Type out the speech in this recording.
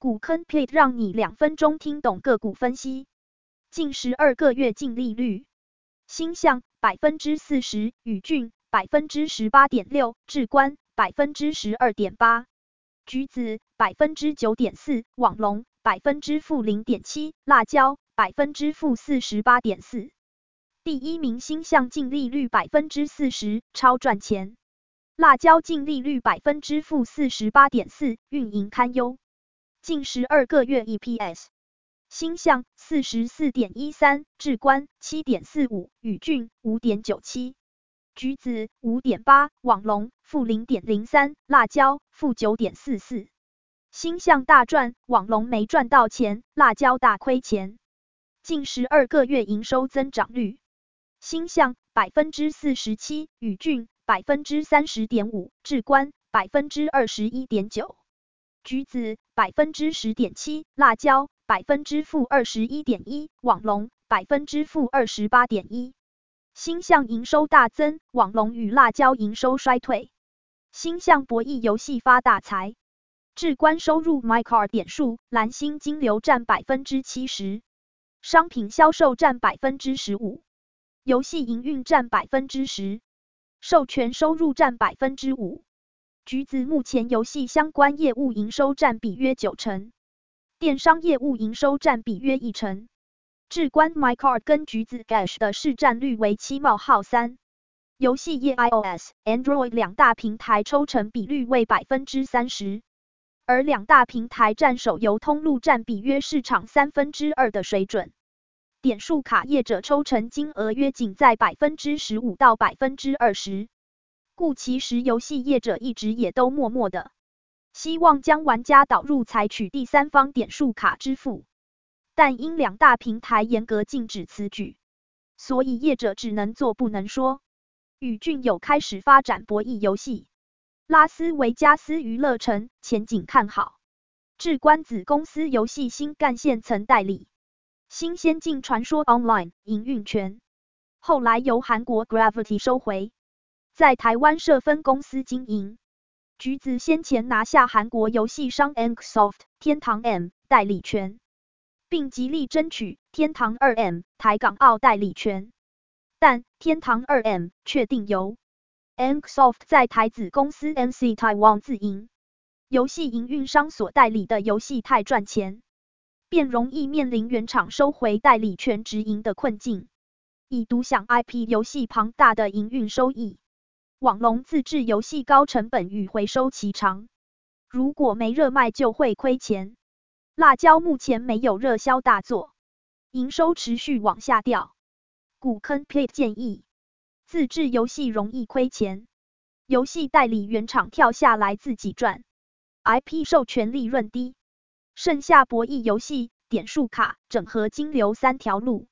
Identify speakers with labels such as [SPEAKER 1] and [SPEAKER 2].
[SPEAKER 1] 股坑派，讓你兩分鐘聽懂個股分析。近十二個月淨利率，鈊象百分之四十，宇峻百分之十八點六，智冠百分之十二點八，橘子百分之九點四，網龍百分之負零點七，辣椒百分之負四十八點四。第一名鈊象淨利率百分之四十，超賺錢。辣椒淨利率百分之負四十八點四，運營堪憂。近十二個月 EPS：鈊象四十四點一三，智冠七點四五，宇峻五點九七，橘子五點八，網龍負零點零三，辣椒負九點四四。鈊象大賺，網龍沒賺到錢，辣椒大虧錢。近十二個月營收增長率：鈊象百分之四十七，宇峻百分之三十點五，智冠百分之二十一點九。橘子百分之十點七，辣椒百分之負二十一點一，網龍百分之負二十八點一。鈊象營收大增，網龍與辣椒營收衰退。鈊象博弈遊戲發大財。智冠收入，MyCard 點數，藍星金流佔百分之七十，商品銷售佔百分之十五，遊戲營運佔百分之十，授權收入佔百分之五。橘子目前遊戲相關業務營收占比約九成，電商業務營收占比約一成。智冠 MyCard 跟橘子 Gash 的市占率為七冒號三。遊戲業 iOS、Android 兩大平台抽成比率為百分之三十，而兩大平台占手遊通路占比約市場三分之二的水準。點數卡業者抽成金額約僅在百分之十五到百分之二十。故其實，遊戲業者一直也都默默的希望將玩家導入採取第三方點數卡支付，但因兩大平台嚴格禁止此舉，所以業者只能做不能說。宇峻有開始發展博弈遊戲，拉斯維加斯娛樂城前景看好。智冠子公司遊戲新幹線曾代理《新仙境傳說 Online》營運權，後來由韓國 Gravity 收回。在台灣設分公司經營。橘子先前拿下韓國遊戲商 NCSOFT 天堂 M 代理權，並極力爭取天堂二 M 台港澳代理權。但天堂二 M 確定由 NCSOFT 在台子公司 NC Taiwan 自營。遊戲營運商所代理的遊戲太賺錢，便容易面臨原廠收回代理權直營的困境，以獨享 IP 遊戲龐大的營運收益。網龍自製遊戲高成本與回收期長，如果沒熱賣就會虧錢。辣椒目前沒有熱銷大作，營收持續往下掉。古坑 play 建議，自製遊戲容易虧錢，遊戲代理原廠跳下來自己賺，IP 授權利潤低，剩下博弈遊戲、點數卡、整合金流三條路。